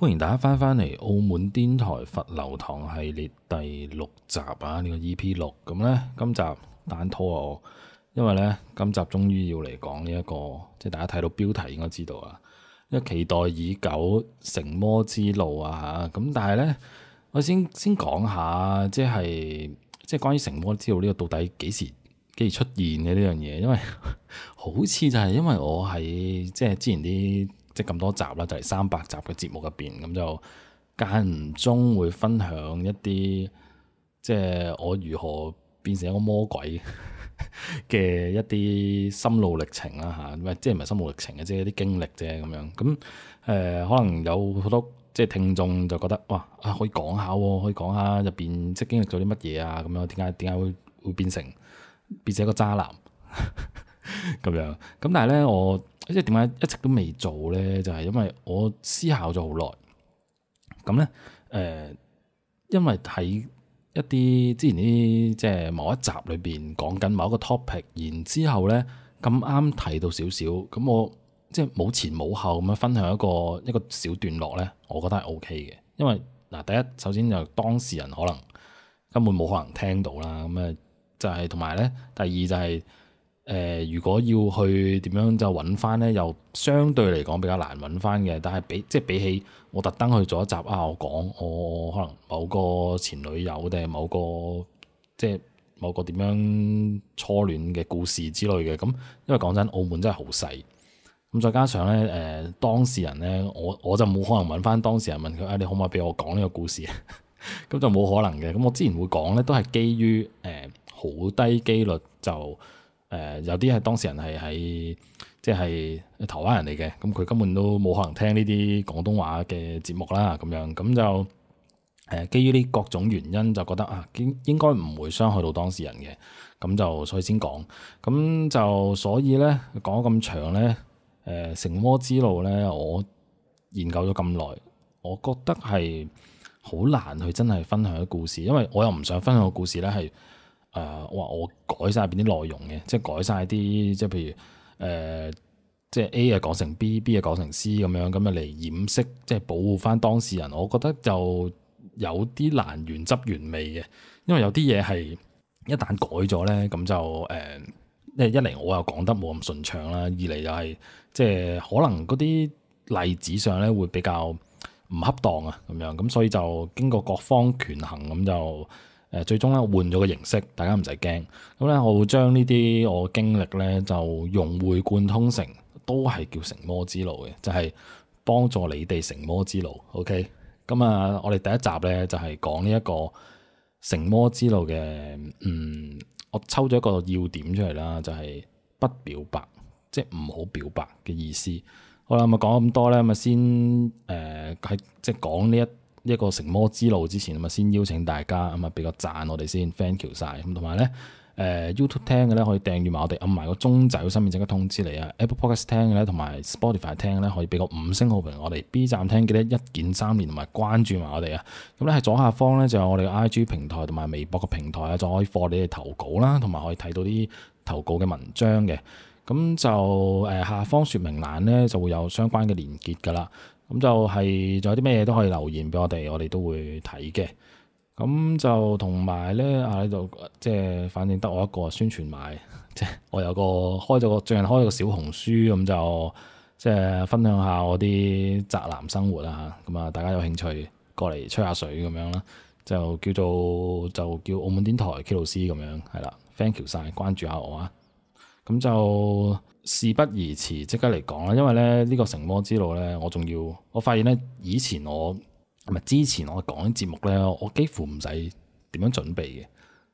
歡迎大家翻返嚟《澳門癲台罰留堂》系列第六集啊，呢個 EP 六咁咧，今集單拖我，因為咧今集終於要嚟講呢一個，即係大家睇到標題應該知道啊，一期待已久《成魔之路》啊吓，咁但係咧我先先講下，即係即係關於《成魔之路》呢個到底幾時幾時出現嘅呢樣嘢，因為好似就係因為我喺即係之前啲。咁多集啦，集就係三百集嘅節目入邊，咁就間唔中會分享一啲，即係我如何變成一個魔鬼嘅一啲心路歷程啊。吓，即係唔係心路歷程嘅，即係一啲經歷啫咁樣。咁誒、呃，可能有好多即係聽眾就覺得，哇啊，可以講下喎，可以講下入邊即係經歷咗啲乜嘢啊，咁樣點解點解會會變成變成一個渣男？ 咁樣，咁但係咧，我即係點解一直都未做咧？就係、是、因為我思考咗好耐，咁咧，誒、呃，因為喺一啲之前啲即係某一集裏邊講緊某一個 topic，然之後咧咁啱提到少少，咁我即係冇前冇後咁樣分享一個一個小段落咧，我覺得係 OK 嘅，因為嗱，第一首先就當事人可能根本冇可能聽到啦，咁啊就係同埋咧，第二就係、是。誒、呃，如果要去點樣就揾翻呢？又相對嚟講比較難揾翻嘅。但係比即係比起我特登去做一集啊，我講我、哦、可能某個前女友定係某個即係某個點樣初戀嘅故事之類嘅。咁因為講真，澳門真係好細，咁再加上呢，誒、呃，當事人呢，我我就冇可能揾翻當事人問佢啊、哎，你可唔可以俾我講呢個故事啊？咁 就冇可能嘅。咁我之前會講呢，都係基於誒好、呃、低機率就。誒、呃、有啲係當事人係喺，即係台灣人嚟嘅，咁佢根本都冇可能聽呢啲廣東話嘅節目啦，咁樣咁就誒基於呢各種原因，就覺得啊應應該唔會傷害到當事人嘅，咁就所以先講，咁就所以咧講咗咁長咧，誒成魔之路咧，我研究咗咁耐，我覺得係好難去真係分享個故事，因為我又唔想分享個故事咧係。誒、呃，我話我改曬邊啲內容嘅，即係改晒啲，即係譬如誒、呃，即係 A 啊講成 B，B 啊講成 C 咁樣，咁就嚟掩飾，即係保護翻當事人。我覺得就有啲難原汁原味嘅，因為有啲嘢係一旦改咗咧，咁就誒，即、呃、係一嚟我又講得冇咁順暢啦，二嚟就係、是、即係可能嗰啲例子上咧會比較唔恰當啊，咁樣，咁所以就經過各方權衡咁就。誒最終咧換咗個形式，大家唔使驚。咁咧，我會將呢啲我經歷咧就融會貫通成，都係叫成魔之路嘅，就係幫助你哋成魔之路。OK，咁啊，我哋第一集咧就係講呢一個成魔之路嘅，嗯，我抽咗一個要點出嚟啦，就係不表白，即係唔好表白嘅意思。好啦，咁啊講咁多咧，咁啊先誒係即係講呢一一個成魔之路之前，咪先邀請大家，咁咪俾個讚我哋先 Thank you 晒咁。同埋咧，誒、呃、YouTube 聽嘅咧，可以訂閱埋我哋，按埋個鐘仔，我身邊即刻通知你啊。Apple Podcast 聽嘅咧，同埋 Spotify 聽咧，可以俾個五星好評我哋 B 站聽嘅咧，一鍵三連同埋關注埋我哋啊。咁咧喺左下方咧就有我哋嘅 IG 平台同埋微博嘅平台啊，就可以放你哋投稿啦，同埋可以睇到啲投稿嘅文章嘅。咁就誒、呃、下方說明欄咧就會有相關嘅連結噶啦。咁就係，仲有啲咩嘢都可以留言俾我哋，我哋都會睇嘅。咁就同埋咧，啊喺度，即、就、係、係、反正得我一個宣傳埋，即 係我有個開咗個最近開咗個小紅書，咁就即係分享下我啲宅男生活啊。咁啊，大家有興趣過嚟吹下水咁樣啦，就叫做就叫澳門癲台 K 老師，咁樣，係啦，Thank you 晒，you，關注下我啊，咁就～事不宜遲，即刻嚟講啦。因為咧呢、呢個《成魔之路》咧，我仲要我發現咧，以前我唔係之前我講啲節目咧，我幾乎唔使點樣準備嘅。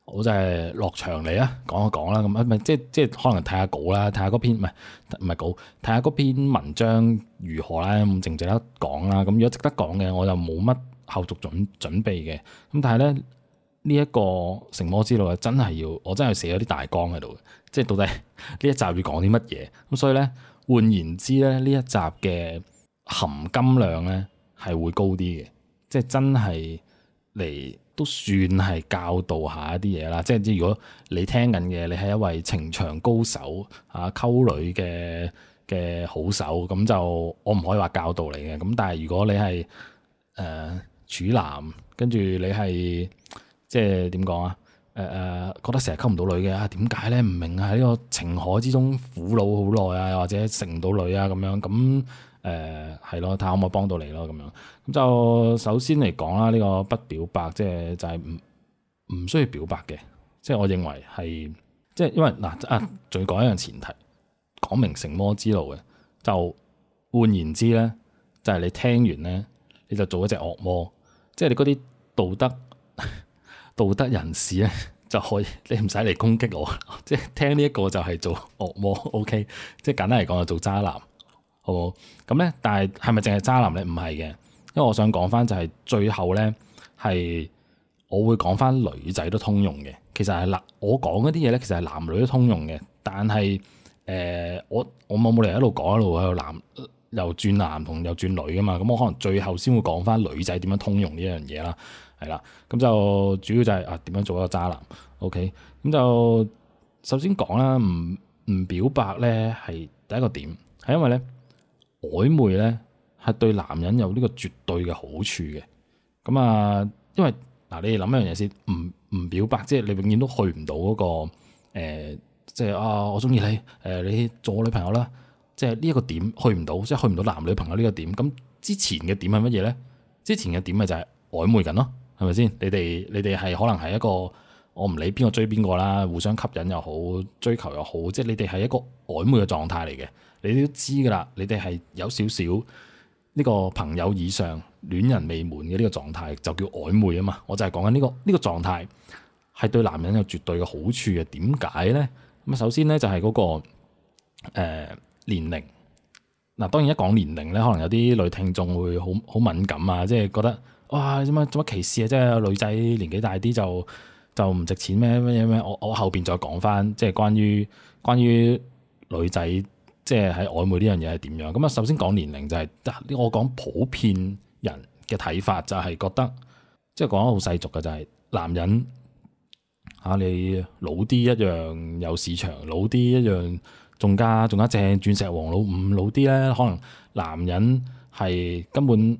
我就係落場嚟啊，講一講啦。咁、嗯、啊，唔係即即係可能睇下稿啦，睇下嗰篇唔係唔係稿，睇下嗰篇，篇文章如何咧，咁值唔值得講啦。咁、嗯、如果值得講嘅，我就冇乜後續準準備嘅。咁、嗯、但係咧。呢一個《成魔之路》咧，真係要我真係寫咗啲大綱喺度，即係到底呢一集要講啲乜嘢？咁所以呢，換言之咧，呢一集嘅含金量呢係會高啲嘅，即係真係嚟都算係教導下一啲嘢啦。即係如果你聽緊嘅，你係一位情場高手啊，溝女嘅嘅好手，咁就我唔可以話教導你嘅。咁但係如果你係誒處男，跟住你係，即係點講啊？誒誒，覺得成日溝唔到女嘅啊，點解咧？唔明啊，喺呢個情海之中苦惱好耐啊，或者成唔到女啊咁樣咁誒係咯，睇下可唔可以幫到你咯，咁樣咁就首先嚟講啦，呢個不表白即係就係唔唔需要表白嘅。即係我認為係即係因為嗱啊，仲要講一樣前提，講明成魔之路嘅，就換言之咧，就係你聽完咧，你就做一隻惡魔，即係你嗰啲道德。 道德人士咧就可以，你唔使嚟攻擊我，即係聽呢一個就係做惡魔、哦，OK？即係簡單嚟講就做渣男，好冇？好？咁咧，但係係咪淨係渣男咧？唔係嘅，因為我想講翻就係最後咧，係我會講翻女仔都通用嘅。其實係男，我講嗰啲嘢咧，其實係男女都通用嘅。但係誒、呃，我我冇冇理由一路講一路又男又轉男同又，又轉女噶嘛？咁我可能最後先會講翻女仔點樣通用呢樣嘢啦。係啦，咁就主要就係、是、啊，點樣做一個渣男？OK，咁就首先講啦，唔唔表白咧係第一個點，係因為咧曖昧咧係對男人有呢個絕對嘅好處嘅。咁啊，因為嗱、啊，你哋諗一樣嘢先，唔唔表白，即、就、係、是、你永遠都去唔到嗰個誒、即、呃、係、就是、啊，我中意你誒、呃，你做我女朋友啦。即係呢一個點去唔到，即、就、係、是、去唔到男女朋友呢個點。咁之前嘅點係乜嘢咧？之前嘅點咪就係曖昧緊咯。係咪先？你哋你哋係可能係一個，我唔理邊個追邊個啦，互相吸引又好，追求又好，即係你哋係一個曖昧嘅狀態嚟嘅。你都知噶啦，你哋係有少少呢個朋友以上、戀人未滿嘅呢個狀態，就叫曖昧啊嘛。我就係講緊呢個呢、呢個狀態係對男人有絕對嘅好處嘅。點解呢？咁首先呢、那個，就係嗰個誒年齡。嗱，當然一講年齡呢，可能有啲女聽眾會好好敏感啊，即係覺得。哇！做乜做乜歧視啊？即係女仔年紀大啲就就唔值錢咩？乜嘢咩？我我後邊再講翻，即係關於關於女仔即係喺曖昧呢樣嘢係點樣？咁啊，首先講年齡就係、是，我講普遍人嘅睇法就係覺得，即係講得好世俗嘅就係、是、男人嚇、啊、你老啲一,一樣有市場，老啲一,一樣仲加仲加正，鑽石王老五、嗯、老啲咧，可能男人係根本。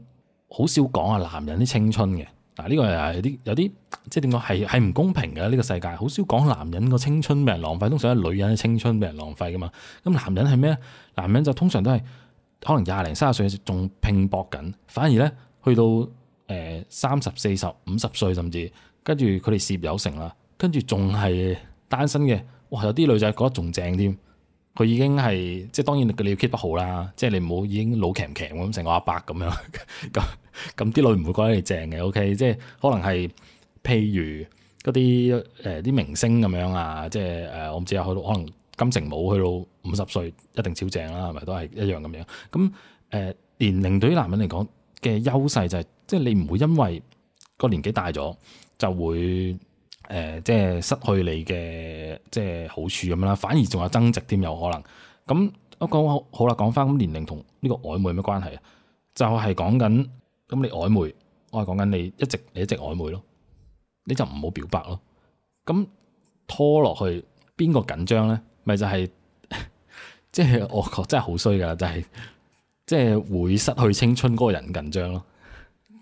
好少講啊，男人啲青春嘅，嗱，呢個又係啲有啲即係點講係係唔公平嘅呢個世界，好少講男人個青春俾人浪費，通常係女人嘅青春俾人浪費噶嘛。咁、嗯、男人係咩？男人就通常都係可能廿零三十歲仲拼搏緊，反而咧去到誒三十四十五十歲甚至跟住佢哋事業有成啦，跟住仲係單身嘅，哇有啲女仔覺得仲正添。佢已經係即係當然，你要 keep 得好啦。即係你唔好已經老騎騎咁，成個阿伯咁樣咁，咁啲女唔會覺得你正嘅。O、OK? K，即係可能係譬如嗰啲誒啲明星咁樣啊，即係誒、呃、我唔知啊，去到可能金城武去到五十歲一定超正啦，係咪都係一樣咁樣？咁誒、呃、年齡對於男人嚟講嘅優勢就係、是，即係你唔會因為個年紀大咗就會。誒，即係失去你嘅即係好處咁樣啦，反而仲有增值添，有可能。咁我講好啦，講翻咁年齡同呢個曖昧有咩關係啊？就係講緊咁你曖昧，我係講緊你一直你一直曖昧咯，你就唔好表白咯。咁拖落去邊個緊張咧？咪就係即係我覺真係好衰噶，就係即係會失去青春嗰個人緊張咯。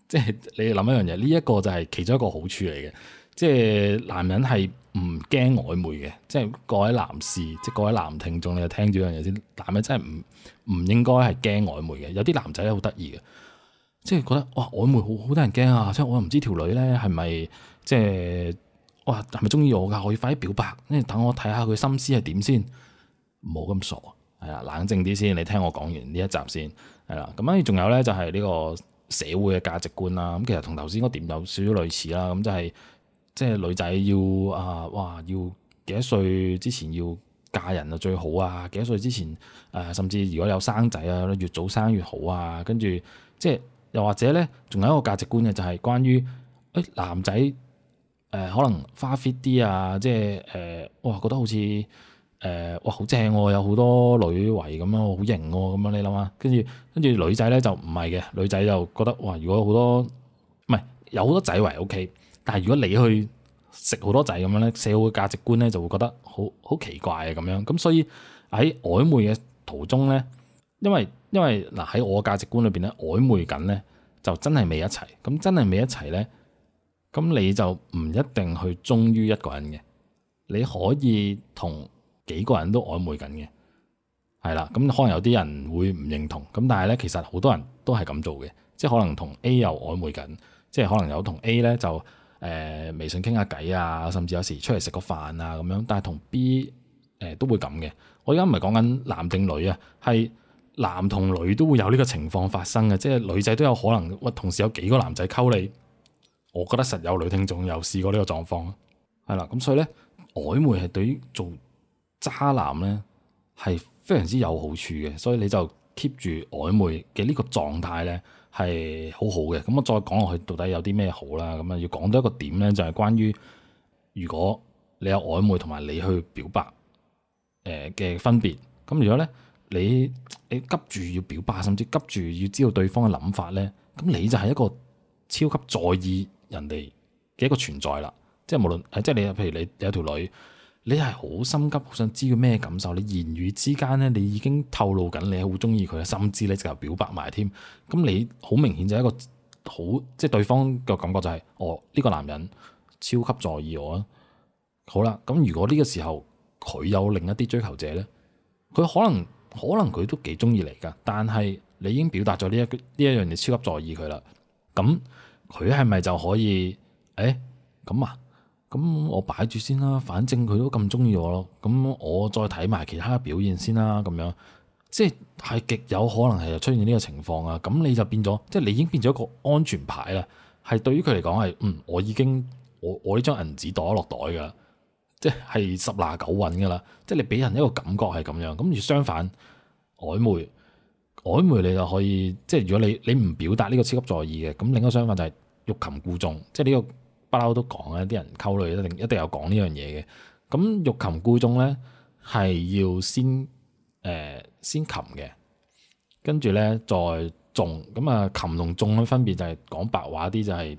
即係你諗一樣嘢，呢一個就係其中一個好處嚟嘅。即係男人係唔驚曖昧嘅，即係各位男士，即係各位男聽眾，你又聽住樣嘢先。男人真係唔唔應該係驚曖昧嘅，有啲男仔好得意嘅，即係覺得哇曖昧好好得人驚啊！即係我又唔知條女咧係咪即係哇係咪中意我㗎？我要快啲表白，因為等我睇下佢心思係點先，冇咁傻，係啊，冷靜啲先。你聽我講完呢一集先，係啦。咁啊仲有咧就係、是、呢個社會嘅價值觀啦。咁其實同頭先嗰點有少少類似啦。咁就係。即係女仔要啊，哇！要幾多歲之前要嫁人就最好啊，幾多歲之前誒、啊，甚至如果有生仔啊，越早生越好啊。跟住即係又或者咧，仲有一個價值觀嘅就係關於誒、哎、男仔誒、呃、可能花 fit 啲啊，即係誒、呃、哇覺得好似誒、呃、哇好正喎，有好多女圍咁樣好型喎，咁樣、啊、你諗下，跟住跟住女仔咧就唔係嘅，女仔就覺得哇如果好多唔係有好多仔圍 OK。Okay。但係如果你去食好多仔咁樣咧，社會嘅價值觀咧就會覺得好好奇怪嘅咁樣。咁所以喺曖昧嘅途中咧，因為因為嗱喺我嘅價值觀裏邊咧，曖昧緊咧就真係未一齊。咁真係未一齊咧，咁你就唔一定去忠於一個人嘅。你可以同幾個人都曖昧緊嘅，係啦。咁可能有啲人會唔認同。咁但係咧，其實好多人都係咁做嘅，即係可能同 A 又曖昧緊，即係可能有同 A 咧就。誒、呃、微信傾下偈啊，甚至有時出嚟食個飯啊咁樣，但係同 B 誒、呃、都會咁嘅。我而家唔係講緊男定女啊，係男同女都會有呢個情況發生嘅，即係女仔都有可能，喂，同時有幾個男仔溝你。我覺得實有女聽眾有試過呢個狀況，啊，係啦。咁所以咧，曖昧係對於做渣男咧係非常之有好處嘅，所以你就 keep 住曖昧嘅呢個狀態咧。係好好嘅，咁我再講落去到底有啲咩好啦，咁啊要講到一個點咧，就係關於如果你有曖昧同埋你去表白，誒嘅分別。咁如果咧你你急住要表白，甚至急住要知道對方嘅諗法咧，咁你就係一個超級在意人哋嘅一個存在啦。即係無論誒，即係你譬如你有條女。你係好心急，好想知佢咩感受？你言語之間咧，你已經透露緊你好中意佢，甚至咧就表白埋添。咁你好明顯就一個好，即係對方嘅感覺就係，哦呢個男人超級在意我。好啦，咁如果呢個時候佢有另一啲追求者咧，佢可能可能佢都幾中意你噶，但係你已經表達咗呢一呢一樣嘢超級在意佢啦。咁佢係咪就可以？誒咁啊？咁我擺住先啦，反正佢都咁中意我咯，咁我再睇埋其他表現先啦，咁樣即係係極有可能係出現呢個情況啊！咁你就變咗，即係你已經變咗一個安全牌啦，係對於佢嚟講係，嗯，我已經我我呢張銀紙袋落袋噶，即係十拿九穩噶啦，即係你俾人一個感覺係咁樣。咁而相反，曖昧曖昧你就可以，即係如果你你唔表達呢個超級在意嘅，咁另一個相反就係欲擒故縱，即係呢個。不嬲都講啊！啲人溝女一定一定有講呢樣嘢嘅。咁欲擒故縱咧，係要先誒、呃、先擒嘅，跟住咧再縱。咁啊，擒同縱嘅分別就係講白話啲就係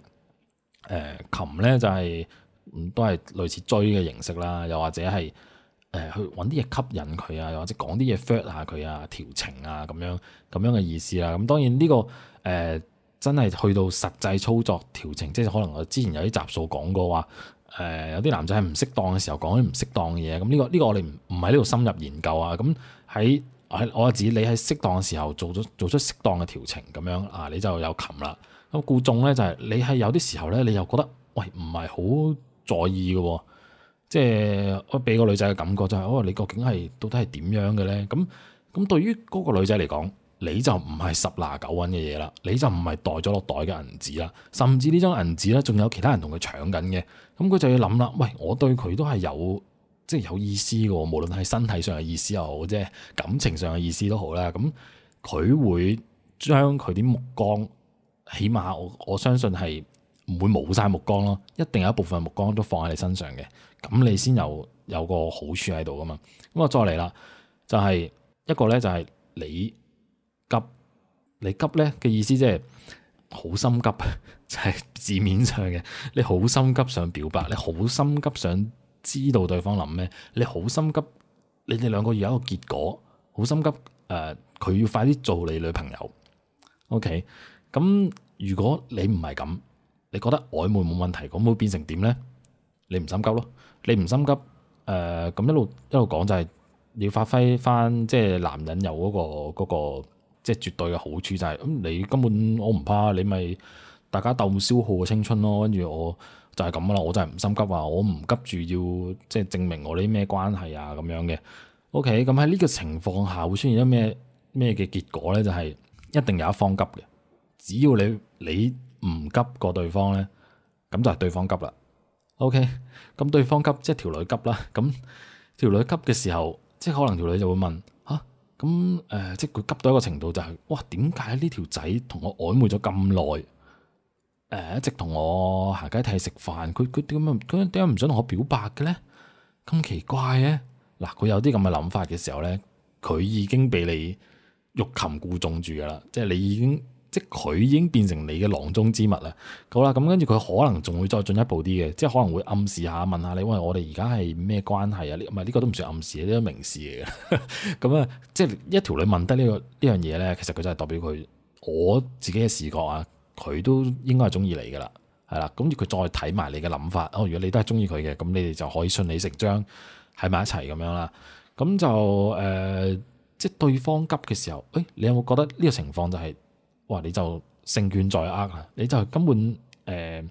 誒擒咧就係、是呃、都係類似追嘅形式啦，又或者係誒、呃、去揾啲嘢吸引佢啊，又或者講啲嘢 fire 下佢啊、調情啊咁樣咁樣嘅意思啦。咁當然呢、呢個誒。呃真係去到實際操作調情，即係可能我之前有啲集數講過話，誒、呃、有啲男仔喺唔適當嘅時候講啲唔適當嘅嘢，咁呢、呢個呢、呢個我哋唔唔喺呢度深入研究啊。咁喺我阿指你喺適當嘅時候做咗做出適當嘅調情咁樣啊，你就有擒啦。咁故縱呢，就係、係、你係有啲時候呢，你又覺得喂唔係好在意嘅、哦，即係俾個女仔嘅感覺就係、係、哦，你究竟係到底係點樣嘅呢？」咁咁對於嗰個女仔嚟講。你就唔係十拿九穩嘅嘢啦，你就唔係袋咗落袋嘅銀紙啦，甚至呢張銀紙咧，仲有其他人同佢搶緊嘅，咁佢就要諗啦。喂，我對佢都係有即係、就是、有意思嘅，無論係身體上嘅意思又好，即係感情上嘅意思都好啦。咁佢會將佢啲目光，起碼我我相信係唔會冇晒目光咯，一定有一部分目光都放喺你身上嘅。咁你先有有個好處喺度噶嘛？咁我再嚟啦，就係、是、一個咧，就係、是、你。你急咧嘅意思即係好心急，就係字面上嘅。你好心急想表白，你好心急想知道對方諗咩，你好心急，你哋兩個要有一個結果，好心急。誒、呃，佢要快啲做你女朋友。O K，咁如果你唔係咁，你覺得曖昧冇問題，咁會變成點咧？你唔心急咯，你唔心急。誒、呃，咁一路一路講就係要發揮翻，即係男人有嗰個嗰個即係絕對嘅好處就係，咁你根本我唔怕，你咪大家鬥消耗青春咯，跟住我就係咁啦，我真係唔心急啊，我唔急住要即係證明我啲咩關係啊咁樣嘅。OK，咁喺呢個情況下會出現咗咩咩嘅結果咧？就係一定有一方急嘅，只要你你唔急過對方咧，咁就係對方急啦。OK，咁對方急即係條女急啦，咁條女急嘅時候，即係可能條女就會問。咁誒、呃，即係佢急到一個程度、就是，就係哇，點解呢條仔同我曖昧咗咁耐？誒，一直同我行街睇食飯，佢佢點啊？佢點解唔想同我表白嘅咧？咁奇怪嘅嗱，佢有啲咁嘅諗法嘅時候咧，佢已經俾你欲擒故縱住噶啦，即係你已經。即係佢已經變成你嘅囊中之物啦，好啦，咁跟住佢可能仲會再進一步啲嘅，即係可能會暗示下問下你，因為我哋而家係咩關係啊？呢，唔係呢個都唔算暗示呢、呢個都明示嚟嘅。咁 啊、嗯，即係一條女問得呢、呢個呢樣嘢咧，其實佢就係代表佢我自己嘅視覺啊，佢都應該係中意你噶啦，係啦。跟住佢再睇埋你嘅諗法，哦，如果你都係中意佢嘅，咁你哋就可以順理成章喺埋一齊咁樣啦。咁就誒、呃，即係對方急嘅時候，誒，你有冇覺得呢個情況就係、係？哇！你就勝券在握啊！你就根本誒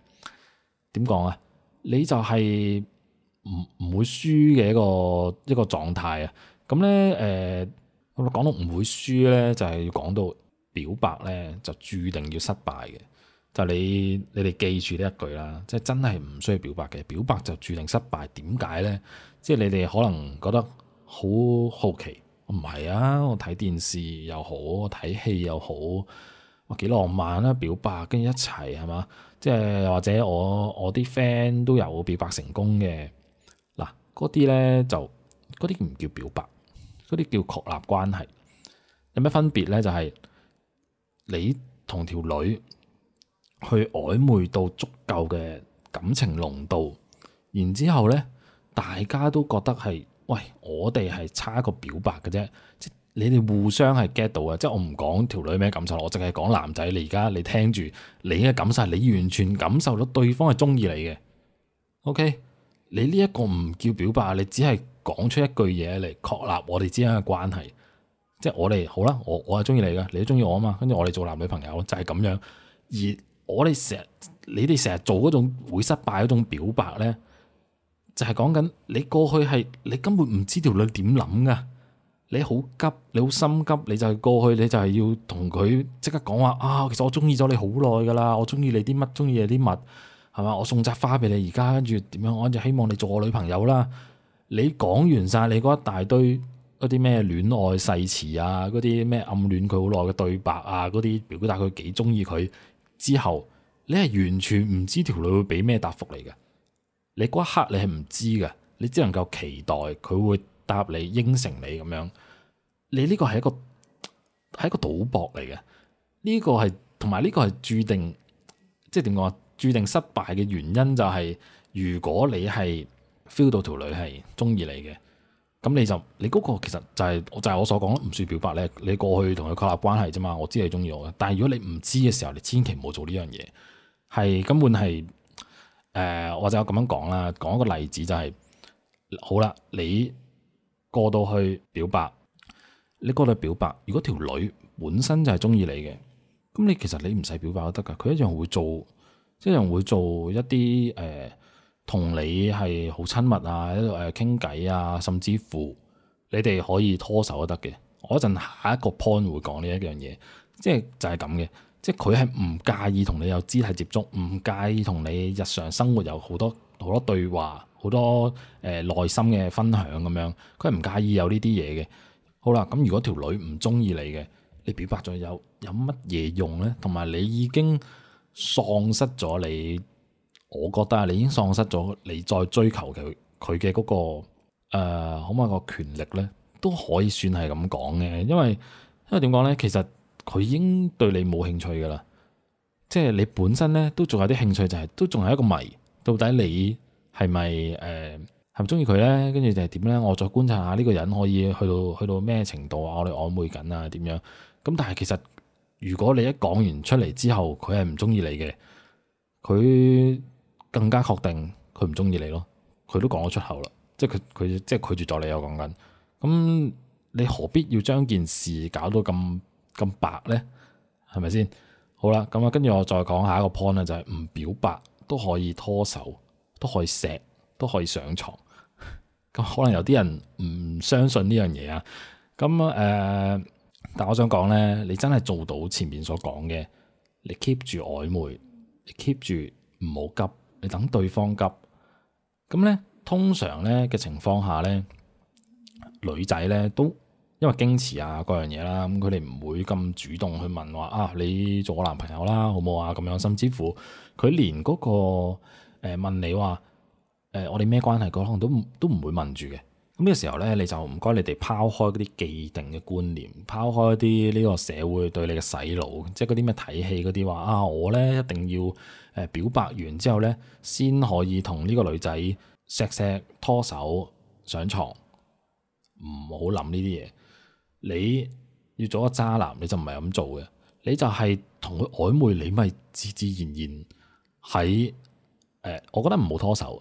點講啊？你就係唔唔會輸嘅一個一個狀態啊！咁咧誒，我、呃、講到唔會輸咧，就係、係、要講到表白咧，就註定要失敗嘅。就你你哋記住呢一句啦，即係真係唔需要表白嘅，表白就註定失敗。點解咧？即係你哋可能覺得好好奇，唔、啊、係啊！我睇電視又好，睇戲又好。哇，幾浪漫啦！表白跟住一齊係嘛？即係或者我我啲 friend 都有表白成功嘅。嗱，嗰啲咧就嗰啲唔叫表白，嗰啲叫確立關係。有咩分別咧？就係你同條女去曖昧到足夠嘅感情濃度，然之後咧，大家都覺得係喂，我哋係差一個表白嘅啫。即你哋互相係 get 到嘅，即係我唔講條女咩感受，我淨係講男仔。你而家你聽住，你嘅感受係你完全感受到對方係中意你嘅。OK，你呢一個唔叫表白，你只係講出一句嘢嚟確立我哋之間嘅關係。即係我哋好啦，我我係中意你噶，你都中意我啊嘛。跟住我哋做男女朋友就係咁樣。而我哋成日你哋成日做嗰種會失敗嗰種表白呢，就係講緊你過去係你根本唔知條女點諗噶。你好急，你好心急，你就係過去，你就係要同佢即刻講話啊！其實我中意咗你好耐噶啦，我中意你啲乜中意嘢啲物係嘛？我送扎花俾你，而家跟住點樣？我就希望你做我女朋友啦！你講完晒你嗰一大堆嗰啲咩戀愛誓詞啊，嗰啲咩暗戀佢好耐嘅對白啊，嗰啲表達佢幾中意佢之後，你係完全唔知條女會俾咩答覆嚟嘅。你嗰一刻你係唔知嘅，你只能夠期待佢會。答，你答應承你咁樣，你呢個係一個係一個賭博嚟嘅，呢、這個係同埋呢個係注定，即係點講啊？注定失敗嘅原因就係、是，如果你係 feel 到條女係中意你嘅，咁你就你嗰個其實就係、是、就係、是、我所講咯，唔算表白咧。你過去同佢確立關係啫嘛，我知你中意我嘅。但係如果你唔知嘅時候，你千祈唔好做呢樣嘢，係根本係誒，呃、我就咁樣講啦。講一個例子就係、是，好啦，你。過到去表白，你過到去表白，如果條女本身就係中意你嘅，咁你其實你唔使表白都得㗎，佢一樣會做，即一樣會做一啲誒同你係好親密啊，喺度誒傾偈啊，甚至乎你哋可以拖手都得嘅。我一陣下一個 point 會講呢一樣嘢，即係就係咁嘅，即係佢係唔介意同你有肢體接觸，唔介意同你日常生活有好多好多對話。好多誒內心嘅分享咁樣，佢係唔介意有呢啲嘢嘅。好啦，咁如果條女唔中意你嘅，你表白咗有有乜嘢用咧？同埋你已經喪失咗你，我覺得啊，你已經喪失咗你再追求佢佢嘅嗰個誒、呃，可唔可以個權力咧？都可以算係咁講嘅，因為因為點講咧？其實佢已經對你冇興趣噶啦，即係你本身咧都仲有啲興趣、就係，就係都仲係一個謎，到底你。係咪誒？係咪中意佢咧？跟住定係點咧？我再觀察下呢個人可以去到去到咩程度啊？我哋曖昧緊啊點樣？咁但係其實如果你一講完出嚟之後，佢係唔中意你嘅，佢更加確定佢唔中意你咯。佢都講咗出口啦，即係佢佢即係拒絕咗你啊！講緊咁，你何必要將件事搞到咁咁白咧？係咪先？好啦，咁啊，跟住我再講下一個 point 咧，就係、是、唔表白都可以拖手。都可以錫，都可以上床。咁 可能有啲人唔相信呢樣嘢啊。咁誒、呃，但我想講咧，你真係做到前面所講嘅，你 keep 住曖昧，你 keep 住唔好急，你等對方急。咁咧，通常咧嘅情況下咧，女仔咧都因為矜持啊，各樣嘢啦，咁佢哋唔會咁主動去問話啊，你做我男朋友啦，好唔好啊？咁樣，甚至乎佢連嗰、那個。誒問你話誒、呃，我哋咩關係？嗰可能都都唔會問住嘅。咁呢個時候咧，你就唔該你哋拋開嗰啲既定嘅觀念，拋開啲呢個社會對你嘅洗腦，即係嗰啲咩睇戲嗰啲話啊。我咧一定要誒表白完之後咧，先可以同呢個女仔錫錫拖手上床。唔好諗呢啲嘢。你要做個渣男，你就唔係咁做嘅，你就係同佢曖昧你，你咪自自然然喺。誒，我覺得唔好拖手，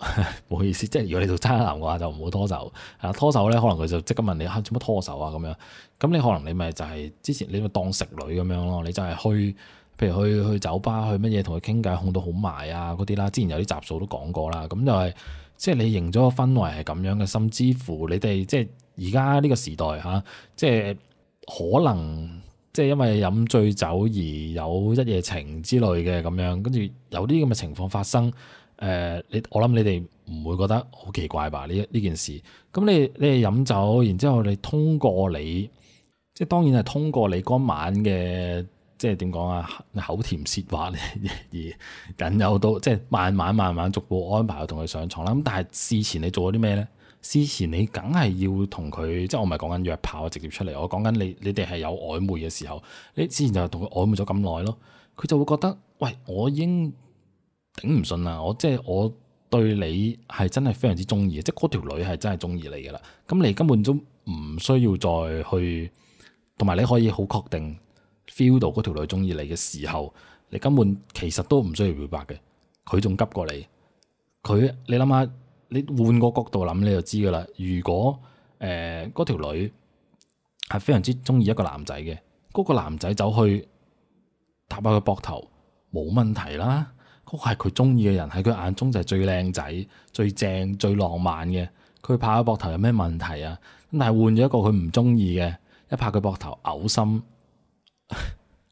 唔好意思。即係如果你做渣男嘅話，就唔好拖手。拖手咧，可能佢就即刻問你做乜、啊、拖手啊？咁樣，咁你可能你咪就係、是、之前你咪當食女咁樣咯。你就係去，譬如去去酒吧去乜嘢，同佢傾偈，控到好埋啊嗰啲啦。之前有啲集數都講過啦。咁就係、是、即係你營咗個氛圍係咁樣嘅，甚至乎你哋即係而家呢個時代吓、啊，即係可能即係因為飲醉酒而有一夜情之類嘅咁樣，跟住有啲咁嘅情況發生。誒，呃、我你我諗你哋唔會覺得好奇怪吧？呢呢件事，咁你你哋飲酒，然之後你通過你，即係當然係通過你嗰晚嘅，即係點講啊？口甜舌滑 而嘢，引誘到即係慢慢慢慢逐步安排同佢上床啦。咁但係事前你做咗啲咩咧？事前你梗係要同佢，即係我唔係講緊約炮直接出嚟，我講緊你你哋係有曖昧嘅時候，你之前就同佢曖昧咗咁耐咯，佢就會覺得，喂，我已經。頂唔順啦！我即係我對你係真係非常之中意，即係嗰條女係真係中意你嘅啦。咁你根本都唔需要再去，同埋你可以好確定 feel 到嗰條女中意你嘅時候，你根本其實都唔需要表白嘅。佢仲急過你，佢你諗下，你換個角度諗你就知噶啦。如果誒嗰、呃、條女係非常之中意一個男仔嘅，嗰、嗰個男仔走去搭下佢膊頭，冇問題啦。嗰個係佢中意嘅人，喺佢眼中就係最靚仔、最正、最浪漫嘅。佢拍佢膊頭有咩問題啊？但係換咗一個佢唔中意嘅，一拍佢膊頭，嘔心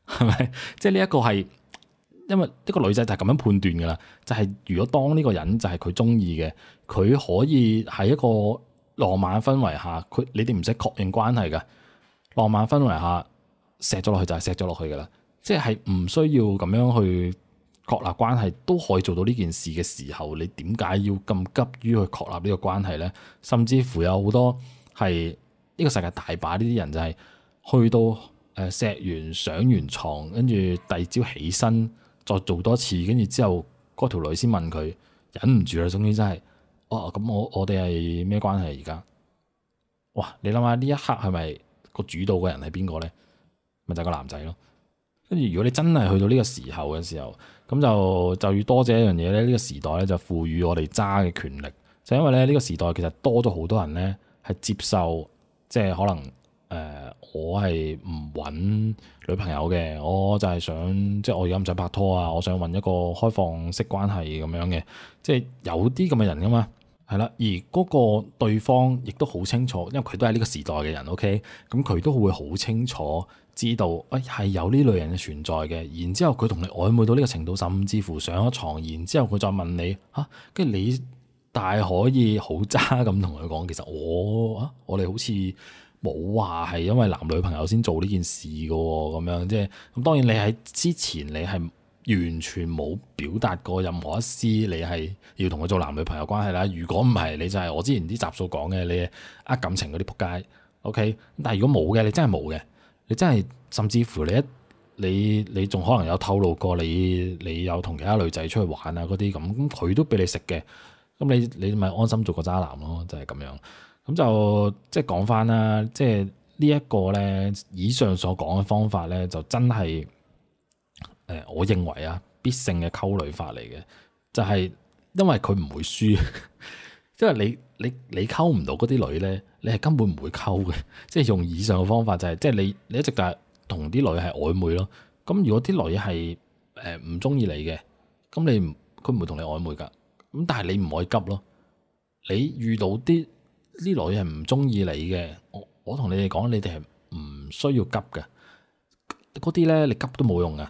係咪？ 即係呢一個係，因為一個女仔就係咁樣判斷噶啦。就係、係、如果當呢個人就係佢中意嘅，佢可以喺一個浪漫氛圍下，佢你哋唔識確認關係嘅浪漫氛圍下，錫咗落去就係錫咗落去噶啦。即係唔需要咁樣去。確立關係都可以做到呢件事嘅時候，你點解要咁急於去確立呢個關係呢？甚至乎有好多係呢、這個世界大把呢啲人就係、是、去到誒錫、呃、完上完床，跟住第二朝起身再做多次，跟住之後嗰條女先問佢忍唔住啦，終於真係，哦，咁我我哋係咩關係而家？哇！你諗下呢一刻係咪個主導嘅人係邊個呢？咪就係、個男仔咯。跟住，如果你真係去到呢個時候嘅時候，咁就就要多謝一樣嘢咧。呢、呢個時代咧就賦予我哋揸嘅權力，就是、因為咧呢、呢個時代其實多咗好多人咧係接受，即係可能誒、呃、我係唔揾女朋友嘅，我就係想即係我而家唔想拍拖啊，我想揾一個開放式關係咁樣嘅，即係有啲咁嘅人噶嘛，係啦。而嗰個對方亦都好清楚，因為佢都係呢個時代嘅人，OK？咁佢都會好清楚。知道啊，係、哎、有呢類人嘅存在嘅。然之後佢同你曖昧到呢個程度，甚至乎上咗床。然之後佢再問你嚇，跟、啊、住你大可以好渣咁同佢講，其實我、哦、啊，我哋好似冇話係因為男女朋友先做呢件事嘅咁樣啫。咁當然你喺之前你係完全冇表達過任何一絲你係要同佢做男女朋友關係啦。如果唔係，你就係我之前啲集數講嘅，你呃感情嗰啲仆街。O、okay? K，但係如果冇嘅，你真係冇嘅。你真係甚至乎你一你你仲可能有透露過你你有同其他女仔出去玩啊，嗰啲咁，咁佢都俾你食嘅，咁你你咪安心做個渣男咯，就係咁樣。咁就即係講翻啦，即係呢一個咧，以上所講嘅方法咧，就真係誒，我認為啊，必勝嘅溝女法嚟嘅，就係因為佢唔會輸，因 為你。你你溝唔到嗰啲女呢，你係根本唔會溝嘅，即係用以上嘅方法就係、是，即係你你一直就係同啲女係曖昧咯。咁如果啲女係誒唔中意你嘅，咁你佢唔會同你曖昧㗎。咁但係你唔可以急咯。你遇到啲女係唔中意你嘅，我同你哋講，你哋係唔需要急嘅。嗰啲呢，你急都冇用嘅，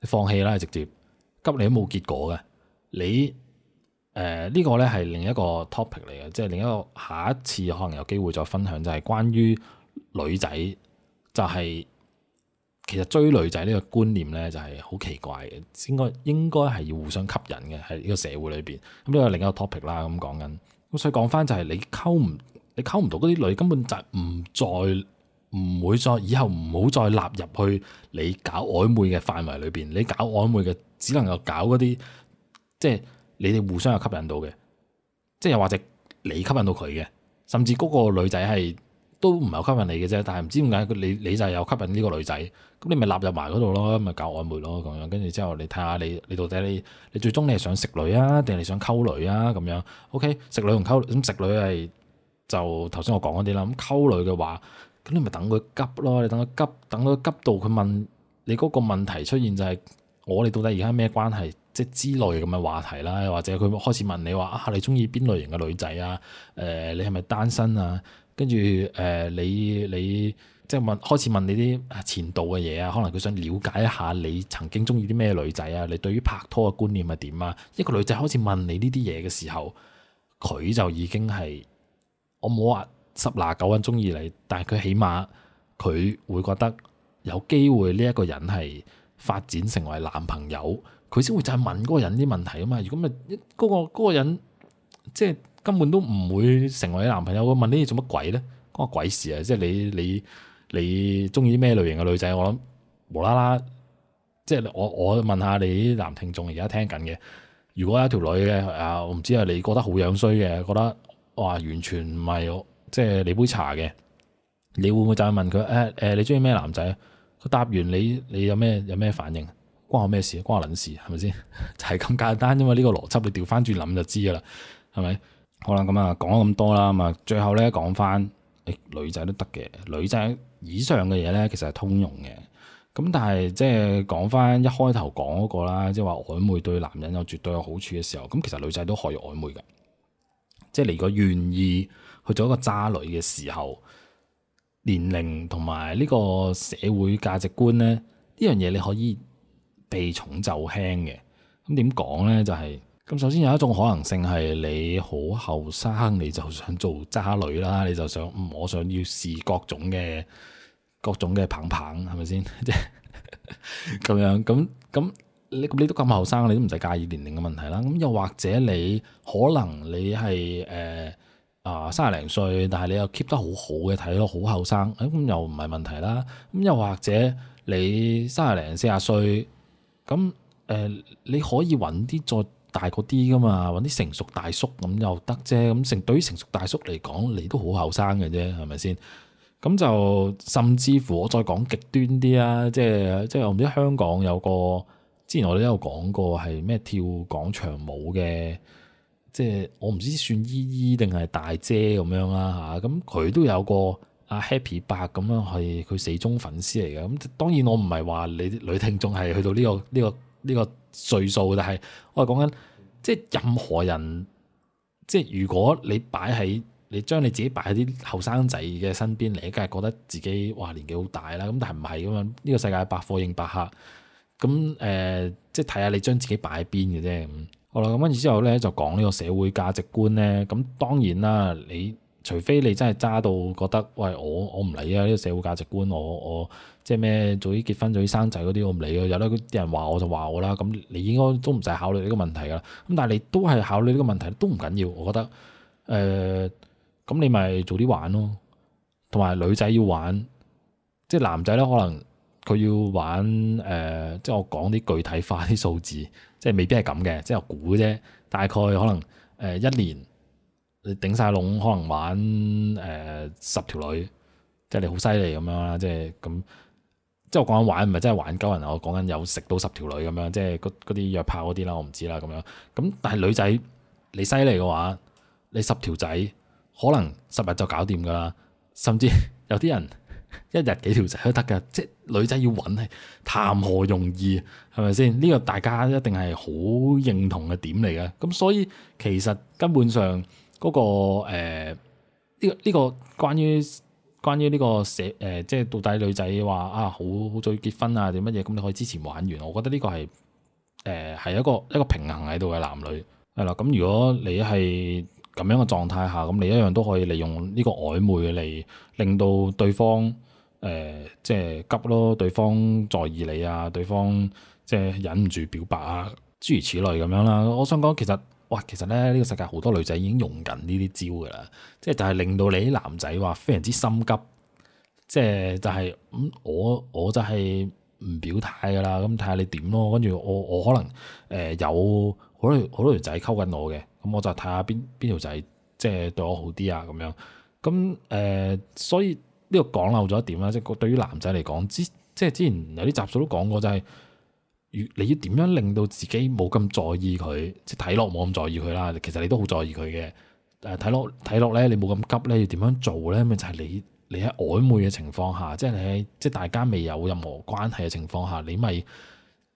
你放棄啦，直接急你都冇結果嘅。你誒、呢，呃，呢個呢係另一個 topic 嚟嘅，即係另一個下一次可能有機會再分享，就係、係、關於女仔、就係，就係其實追女仔呢個觀念呢，就係好奇怪嘅，應該應該係要互相吸引嘅，喺呢個社會裏邊，咁、呢、呢個另一個 topic 啦咁講緊。咁所以講翻就係你溝唔你溝唔到嗰啲女，根本就唔再唔會再以後唔好再納入去你搞曖昧嘅範圍裏邊，你搞曖昧嘅只能夠搞嗰啲即係。你哋互相有吸引到嘅，即係又或者你吸引到佢嘅，甚至嗰個女仔係都唔係吸引你嘅啫，但係唔知點解你你就係有吸引呢個女仔，咁你咪納入埋嗰度咯，咪搞曖昧咯，咁樣跟住之後你睇下你你到底你你最終你係想食女啊，定係你想溝女啊咁樣？OK，食女同溝咁食女係就頭先我講嗰啲啦，咁溝女嘅話，咁你咪等佢急咯，你等佢急，等佢急到佢問你嗰個問題出現就係：「我哋到底而家咩關係？即之類咁嘅話題啦，或者佢開始問你話啊，你中意邊類型嘅女仔啊？誒、呃，你係咪單身啊？跟住誒，你你即係問開始問你啲前度嘅嘢啊。可能佢想了解一下你曾經中意啲咩女仔啊？你對於拍拖嘅觀念係點啊？一個女仔開始問你呢啲嘢嘅時候，佢就已經係我冇話十拿九穩中意你，但係佢起碼佢會覺得有機會呢一個人係發展成為男朋友。佢先會就係問嗰個人啲問題啊嘛！如果咪嗰個嗰個人即係根本都唔會成為你男朋友，會問呢啲做乜鬼咧？嗰個鬼事啊！即係你你你中意咩類型嘅女仔？我諗無啦啦，即係我我問下你啲男聽眾而家聽緊嘅，如果有一條女嘅，誒我唔知啊，你覺得好樣衰嘅，覺得哇完全唔係我，即係你杯茶嘅，你會唔會就係問佢誒誒你中意咩男仔？佢答完你，你有咩有咩反應？關我咩事？關我撚事，係咪先？就係咁簡單啫嘛，因為呢個邏輯你調翻轉諗就知噶啦，係咪？好啦，咁啊講咗咁多啦，咁啊最後咧講翻，誒女仔都得嘅，女仔以上嘅嘢咧其實係通用嘅。咁但係即係講翻一開頭講嗰個啦，即係話曖昧對男人有絕對有好處嘅時候，咁其實女仔都可以曖昧嘅，即係你如果願意去做一個渣女嘅時候，年齡同埋呢個社會價值觀咧呢樣嘢，這個、你可以。避重就輕嘅，咁點講呢？就係、係、咁，首先有一種可能性係你好後生，你就想做渣女啦，你就想，嗯，我想要試各種嘅各種嘅棒棒，係咪先？即 咁樣咁咁，你你都咁後生，你都唔使介意年齡嘅問題啦。咁又或者你可能你係誒啊三廿零歲，但係你又 keep 得好好嘅睇質，好後生，咁、哎、又唔係問題啦。咁又或者你三廿零四廿歲。咁誒，你可以揾啲再大個啲噶嘛，揾啲成熟大叔咁又得啫。咁成對於成熟大叔嚟講，你都好後生嘅啫，係咪先？咁就甚至乎我再講極端啲啦，即係即係我唔知香港有個之前我哋都有講過係咩跳廣場舞嘅，即係我唔知算姨姨定係大姐咁樣啦嚇。咁、啊、佢都有個。阿 Happy 伯咁樣係佢死忠粉絲嚟嘅，咁當然我唔係話你啲女聽眾係去到呢個呢個呢個歲數，但係我係講緊即係任何人，即係如果你擺喺你將你自己擺喺啲後生仔嘅身邊，你梗係覺得自己哇年紀好大啦，咁但係唔係咁樣，呢個世界百貨應百客，咁誒、呃、即係睇下你將自己擺喺邊嘅啫。好啦，咁跟住之後咧就講呢個社會價值觀咧，咁當然啦你。除非你真係揸到覺得，喂，我我唔理啊！呢、呢個社會價值觀，我我即係咩，早啲結婚、早啲生仔嗰啲，我唔理啊！有咧啲人話我就話我啦，咁你應該都唔使考慮呢個問題㗎啦。咁但係你都係考慮呢個問題都唔緊要緊，我覺得誒，咁、呃、你咪早啲玩咯。同埋女仔要玩，即係男仔咧，可能佢要玩誒、呃，即係我講啲具體化啲數字，即係未必係咁嘅，即係我估啫，大概可能誒、呃、一年。你頂晒籠可能玩誒、呃、十條女，即係你好犀利咁樣啦，即係咁，即係我講緊玩唔係真係玩鳩人，我講緊有食到十條女咁樣，即係嗰啲約炮嗰啲啦，我唔知啦咁樣。咁但係女仔你犀利嘅話，你十條仔可能十日就搞掂噶啦，甚至有啲人一日幾條仔都得噶，即係女仔要搵，談何容易，係咪先？呢個大家一定係好認同嘅點嚟嘅。咁所以其實根本上。嗰、那個呢、呃這個呢、這個關於關於呢、這個社誒、呃，即係到底女仔話啊，好好早結婚啊定乜嘢？咁你可以之前玩完，我覺得呢個係誒係一個一個平衡喺度嘅男女係啦。咁如果你係咁樣嘅狀態下，咁你一樣都可以利用呢個曖昧嚟令到對方誒、呃、即係急咯，對方在意你啊，對方即係忍唔住表白啊，諸如此類咁樣啦。我想講其實。哇，其實咧呢、呢個世界好多女仔已經用緊呢啲招㗎啦，即係就係令到你啲男仔話非常之心急，即係就係、是、咁、嗯、我我就係唔表態㗎啦，咁睇下你點咯，跟住我我，我可能誒、呃、有好多好多條仔溝緊我嘅，咁我就睇下邊邊條仔即係對我好啲啊咁樣，咁誒、呃、所以呢個講漏咗一點啦，即係對於男仔嚟講，之即係之前有啲集數都講過就係、是。你要點樣令到自己冇咁在意佢，即係睇落冇咁在意佢啦。其實你都好在意佢嘅。誒睇落睇落咧，你冇咁急咧，要點樣做咧？咪就係你你喺曖昧嘅情況下，即係你即係大家未有任何關係嘅情況下，你咪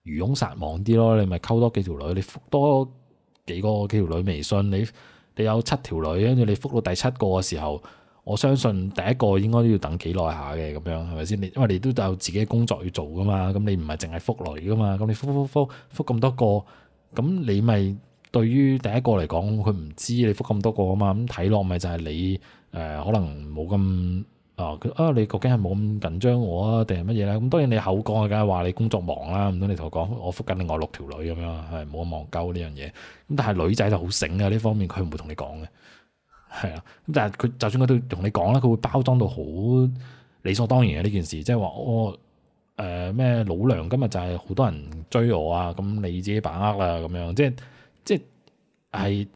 漁翁撒網啲咯。你咪溝多幾條女，你覆多幾個幾條女微信，你你有七條女，跟住你覆到第七個嘅時候。我相信第一個應該都要等幾耐下嘅咁樣，係咪先？你因為你都有自己工作要做㗎嘛，咁你唔係淨係覆女㗎嘛，咁你覆覆覆覆咁多個，咁你咪對於第一個嚟講，佢唔知你覆咁多個啊嘛，咁睇落咪就係你誒、呃、可能冇咁啊啊！你究竟係冇咁緊張我啊，定係乜嘢咧？咁當然你口講梗係話你工作忙啦，唔通你同我講我覆緊另外六條女咁樣係冇咁望鳩呢樣嘢。咁但係女仔就好醒啊，呢方面佢唔會同你講嘅。係啊，咁但係佢就算佢都同你講啦，佢會包裝到好理所當然嘅呢件事，即係話我誒咩老娘今日就係好多人追我啊，咁你自己把握啦咁樣，即係即係，係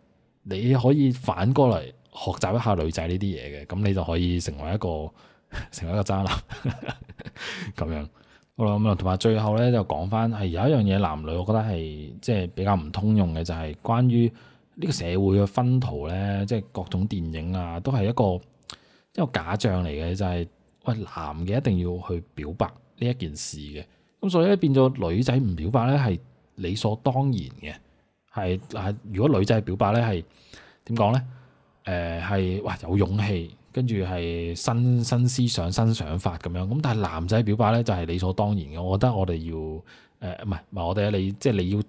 你可以反過嚟，學習一下女仔呢啲嘢嘅，咁你就可以成為一個成為一個渣男咁樣。好啦咁啦，同埋最後咧就講翻係有一樣嘢，男女我覺得係即係比較唔通用嘅，就係關於。呢個社會嘅薰陶咧，即係各種電影啊，都係一個一個假象嚟嘅，就係、是、喂男嘅一定要去表白呢一件事嘅，咁所以咧變咗女仔唔表白咧係理所當然嘅，係但係如果女仔表白咧係點講咧？誒係、呃、哇有勇氣，跟住係新新思想新想法咁樣，咁但係男仔表白咧就係理所當然嘅。我覺得我哋要誒唔係唔係我哋咧，你即係、就是、你要。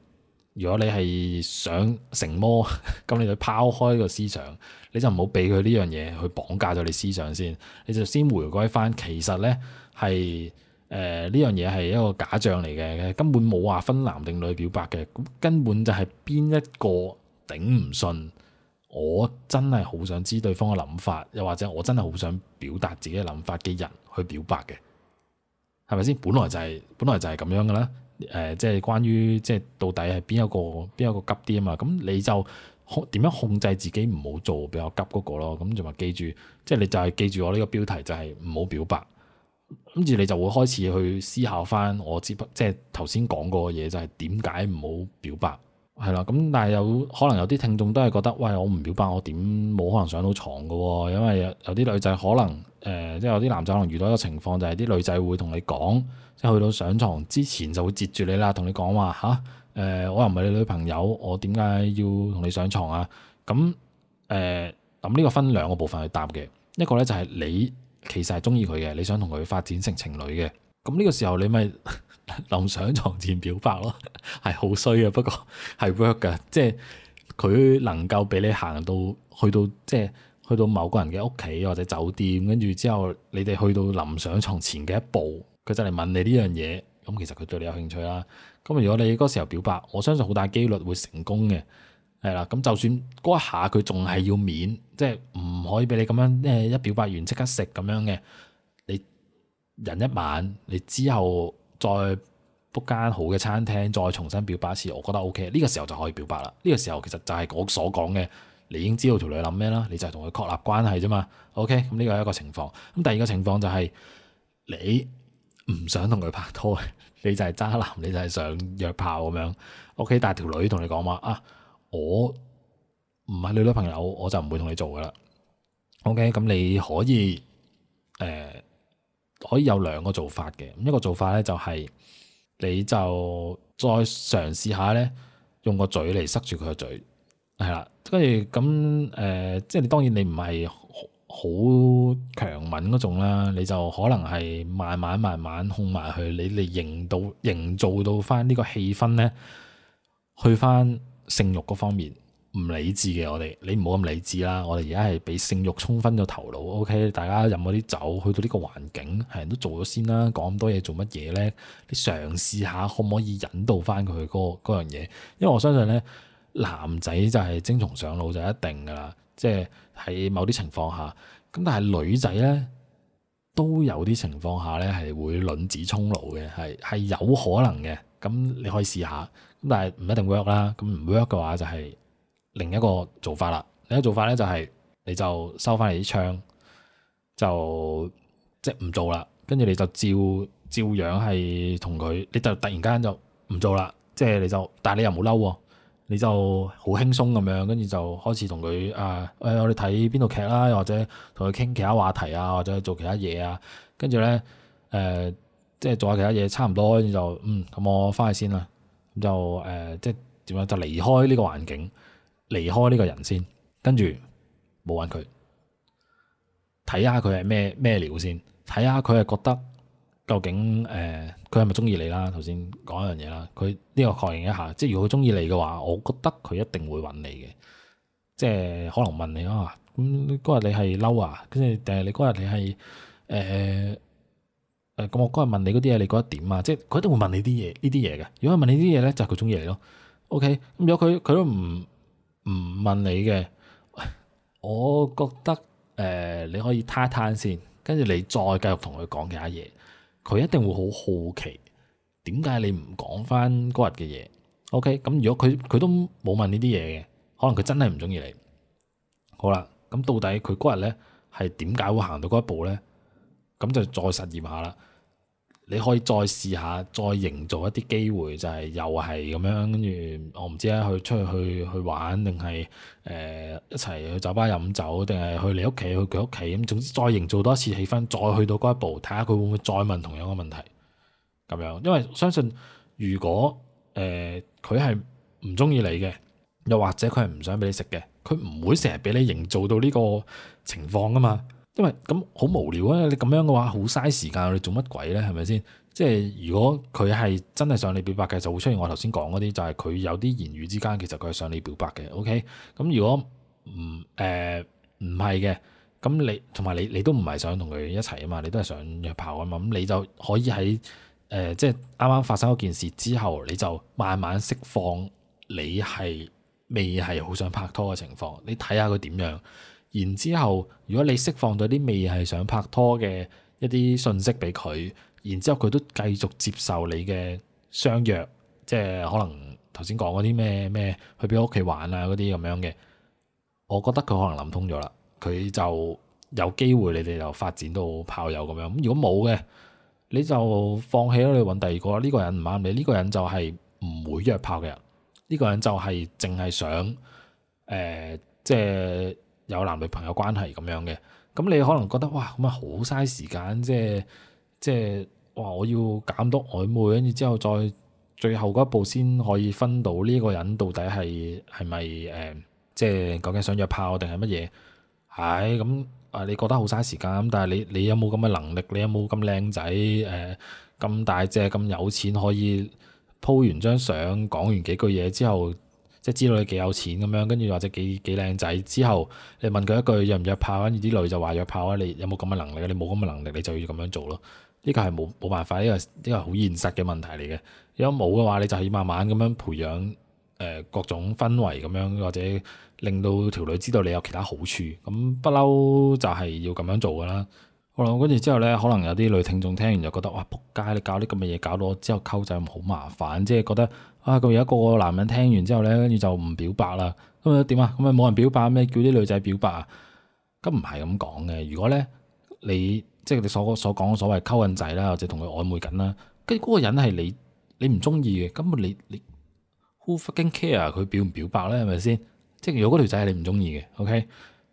如果你係想成魔，咁 你就拋開個思想，你就唔好俾佢呢樣嘢去綁架咗你思想先。你就先回歸翻，其實呢係誒呢樣嘢係一個假象嚟嘅，根本冇話分男定女表白嘅。根本就係邊一個頂唔順，我真係好想知對方嘅諗法，又或者我真係好想表達自己嘅諗法嘅人去表白嘅，係咪先？本來就係、是、本來就係咁樣嘅啦。誒、呃，即係關於即係到底係邊一個邊一個急啲啊嘛？咁你就控點樣控制自己唔好做比較急嗰個咯？咁就話記住，即係你就係記住我呢個標題就係唔好表白，跟住你就會開始去思考翻我接即係頭先講過嘅嘢就係點解唔好表白？係啦，咁但係有可能有啲聽眾都係覺得，喂，我唔表白，我點冇可能上到牀㗎喎？因為有有啲女仔可能，誒，即係有啲男仔可能遇到一個情況，就係啲女仔會同你講，即係去到上床之前就會截住你啦，同你講話吓，誒，我又唔係你女朋友，我點解要同你上床啊？咁誒，咁呢個分兩個部分去答嘅，一個咧就係你其實係中意佢嘅，你想同佢發展成情侶嘅，咁呢個時候你咪。臨上床前表白咯，係好衰呀，不過係 work 嘅，即係佢能夠俾你行到去到，即係去到某個人嘅屋企或者酒店，跟住之後你哋去到臨上床前嘅一步，佢就嚟問你呢樣嘢，咁其實佢對你有興趣啦。咁如果你嗰時候表白，我相信好大機率會成功嘅，係啦。咁就算嗰一下佢仲係要面，即係唔可以俾你咁樣，即係一表白完即刻食咁樣嘅，你忍一晚，你之後。再 book 間好嘅餐廳，再重新表白一次，我覺得 O K。呢個時候就可以表白啦。呢、這個時候其實就係我所講嘅，你已經知道條女諗咩啦，你就係同佢確立關係啫嘛。O K，咁呢個係一個情況。咁第二個情況就係、是、你唔想同佢拍拖，你就係渣男啦，你就係想約炮咁樣。O、OK? K，但係條女同你講話啊，我唔係你女朋友，我就唔會同你做噶啦。O K，咁你可以誒。呃可以有兩個做法嘅，一個做法咧就係，你就再嘗試下咧，用個嘴嚟塞住佢個嘴，係啦，跟住咁誒，即係你當然你唔係好強吻嗰種啦，你就可能係慢慢慢慢控埋去，你嚟營到營造到翻呢個氣氛咧，去翻性慾嗰方面。唔理智嘅，我哋你唔好咁理智啦。我哋而家係俾性欲沖昏咗頭腦。OK，大家飲咗啲酒，去到呢個環境，係人都做咗先啦。講咁多嘢做乜嘢呢？你嘗試下可唔可以引導翻佢嗰嗰樣嘢？因為我相信呢，男仔就係精蟲上腦就一定噶啦，即係喺某啲情況下。咁但係女仔呢，都有啲情況下呢係會卵子沖腦嘅，係係有可能嘅。咁你可以試下，咁但係唔一定 work 啦。咁唔 work 嘅話就係、是。另一個做法啦，另一個做法咧就係你就收翻嚟啲槍，就即係唔做啦。跟住你就照照樣係同佢，你就突然間就唔做啦。即係你就，但係你又冇嬲喎，你就好輕鬆咁樣。跟住就開始同佢誒誒，我哋睇邊度劇啦，或者同佢傾其他話題啊，或者做其他嘢啊。跟住咧誒，即係做下其他嘢，差唔多跟住就嗯咁，我翻去先啦。咁就誒，即係點樣就離開呢個環境。離開呢個人先，跟住冇揾佢，睇下佢係咩咩料先，睇下佢係覺得究竟誒，佢係咪中意你啦？頭先講一樣嘢啦，佢呢個確認一下，即係如果佢中意你嘅話，我覺得佢一定會揾你嘅，即係可能問你啊。咁嗰日你係嬲啊，跟住定係你嗰日你係誒誒咁，呃、咁我嗰日問你嗰啲嘢，你覺得點啊？即係佢一定會問你啲嘢呢啲嘢嘅。如果佢問你啲嘢咧，就係佢中意你咯。OK，咁如果佢佢都唔唔問你嘅，我覺得誒、呃、你可以攤攤先，跟住你再繼續同佢講其他嘢，佢一定會好好奇點解你唔講返嗰日嘅嘢。OK，咁如果佢佢都冇問呢啲嘢嘅，可能佢真係唔中意你。好啦，咁到底佢嗰日咧係點解會行到嗰一步咧？咁就再實驗下啦。你可以再試下，再營造一啲機會，就係又係咁樣，跟住我唔知咧，去出去去玩定係誒一齊去酒吧飲酒，定係去你屋企去佢屋企咁。總之再營造多一次氣氛，再去到嗰一步，睇下佢會唔會再問同樣嘅問題。咁樣，因為相信如果誒佢係唔中意你嘅，又或者佢係唔想俾你食嘅，佢唔會成日俾你營造到呢個情況㗎嘛。因為咁好無聊啊！你咁樣嘅話好嘥時間，你做乜鬼呢？係咪先？即係如果佢係真係想你表白嘅，就會出現我頭先講嗰啲，就係佢有啲言語之間其實佢係想你表白嘅。OK，咁如果唔誒唔係嘅，咁、呃、你同埋你你都唔係想同佢一齊啊嘛，你都係想約炮啊嘛，咁你就可以喺誒、呃、即係啱啱發生嗰件事之後，你就慢慢釋放你係未係好想拍拖嘅情況，你睇下佢點樣。然之後，如果你釋放咗啲未係想拍拖嘅一啲信息俾佢，然之後佢都繼續接受你嘅相約，即係可能頭先講嗰啲咩咩去邊個屋企玩啊嗰啲咁樣嘅，我覺得佢可能諗通咗啦，佢就有機會你哋就發展到炮友咁樣。如果冇嘅，你就放棄啦，你揾第二個啦。呢、這個人唔啱你，呢、這個人就係唔會約炮嘅人，呢、這個人就係淨係想誒、呃、即係。有男女朋友關係咁樣嘅，咁你可能覺得哇，咁啊好嘥時間，即係即係哇，我要減多曖昧，跟住之後再最後嗰一步先可以分到呢個人到底係係咪誒，即係究竟想約炮定係乜嘢？唉，咁、哎、啊，你覺得好嘥時間，但係你你有冇咁嘅能力？你有冇咁靚仔誒？咁、呃、大隻、咁有錢可以鋪完張相、講完幾句嘢之後？即係知道你幾有錢咁樣，跟住或者幾幾靚仔。之後你問佢一句約唔約炮，跟住啲女就話約炮啊！你有冇咁嘅能力？你冇咁嘅能力，你就要咁樣做咯。呢個係冇冇辦法，呢個呢個係好現實嘅問題嚟嘅。如果冇嘅話，你就要慢慢咁樣培養誒各種氛圍咁樣，或者令到條女知道你有其他好處。咁不嬲就係要咁樣做㗎啦。跟住之後咧，可能有啲女聽眾聽完就覺得哇，仆街！你搞啲咁嘅嘢，搞到我之後溝仔好麻煩，即係覺得啊，咁而家個個男人聽完之後咧，跟住就唔表白啦。咁啊點啊？咁啊冇人表白咩？叫啲女仔表白啊？咁唔係咁講嘅。如果咧你即係你所講所謂溝緊仔啦，或者同佢曖昧緊啦，跟住嗰個人係你你唔中意嘅，咁你你 who fucking care 佢表唔表白咧，係咪先？即係如果嗰條仔係你唔中意嘅，OK？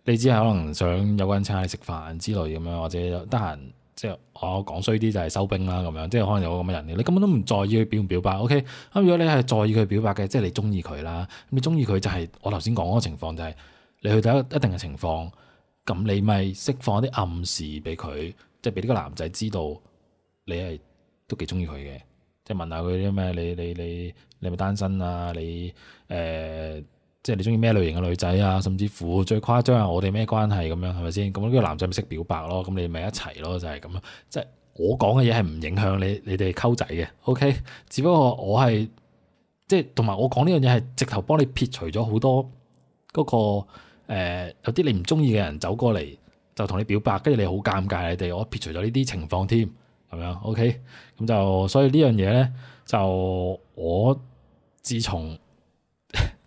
你只係可能想有個人請你食飯之類咁樣，或者得閒，即係我講衰啲就係收兵啦咁樣，即係可能有咁嘅人你根本都唔在意佢表唔表白。OK，咁如果你係在意佢表白嘅，即係你中意佢啦。你中意佢就係、係、我頭先講嗰個情況，就係，就係你去到一,一定嘅情況，咁你咪釋放啲暗示俾佢，即係俾呢個男仔知道你係都幾中意佢嘅，即係問下佢啲咩，你你你你係咪單身啊？你誒。呃即係你中意咩類型嘅女仔啊，甚至乎最誇張啊，我哋咩關係咁樣，係咪先？咁呢個男仔咪識表白咯，咁你咪一齊咯，就係咁樣。即係我講嘅嘢係唔影響你，你哋溝仔嘅。OK，只不過我係即係同埋我講呢樣嘢係直頭幫你撇除咗好多嗰個誒、呃、有啲你唔中意嘅人走過嚟，就同你表白，跟住你好尷尬你哋，我撇除咗呢啲情況添，係咪？OK，咁就所以呢樣嘢咧，就我自從。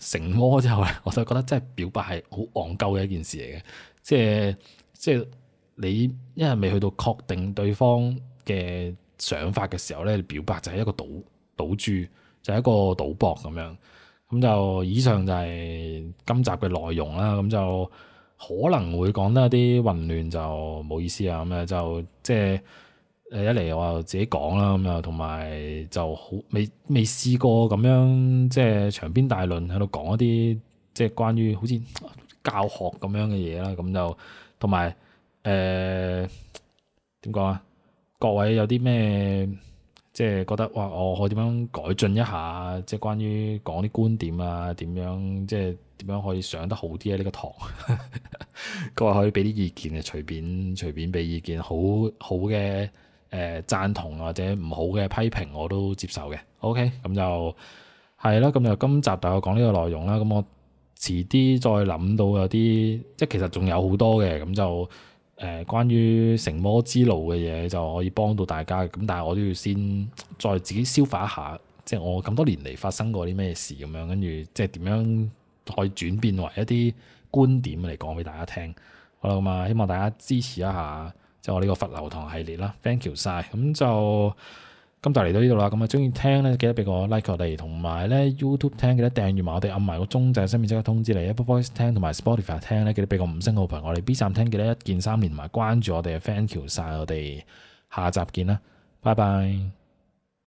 成魔之後咧，我就覺得即係表白係好戇鳩嘅一件事嚟嘅，即係即係你一係未去到確定對方嘅想法嘅時候咧，你表白就係一個賭賭注，就係一個賭博咁樣。咁就以上就係今集嘅內容啦。咁就可能會講得一啲混亂，就冇意思啊。咁啊就即係。誒一嚟我又自己講啦，咁又同埋就好未未試過咁樣，即係長篇大論喺度講一啲即係關於好似教學咁樣嘅嘢啦。咁就同埋誒點講啊？各位有啲咩即係覺得哇，我可以點樣改進一下？即係關於講啲觀點啊，點樣即係點樣可以上得好啲啊？呢個堂 各位可以俾啲意見嘅，隨便隨便俾意見，好好嘅。誒、呃、贊同或者唔好嘅批評我都接受嘅，OK，咁就係啦，咁就今集大概講呢個內容啦。咁我遲啲再諗到有啲，即係其實仲有好多嘅，咁就誒、呃、關於成魔之路嘅嘢就可以幫到大家嘅。咁但係我都要先再自己消化一下，即係我咁多年嚟發生過啲咩事咁樣，跟住即係點樣可以轉變為一啲觀點嚟講俾大家聽。好啦，咁啊，希望大家支持一下。就我呢個罰留堂系列啦，thank you 晒！咁就今集嚟到呢度啦，咁啊鍾意聽咧，記得俾個 like 我哋，同埋咧 YouTube 聽記得訂閱埋我哋，暗埋個鐘仔係新片即刻通知你。Apple Voice 聽同埋 Spotify 聽咧，記得俾個五星好評。我哋 B 站聽記得一鍵三連同埋關注我哋。thank you 晒。我哋下集見啦，拜拜。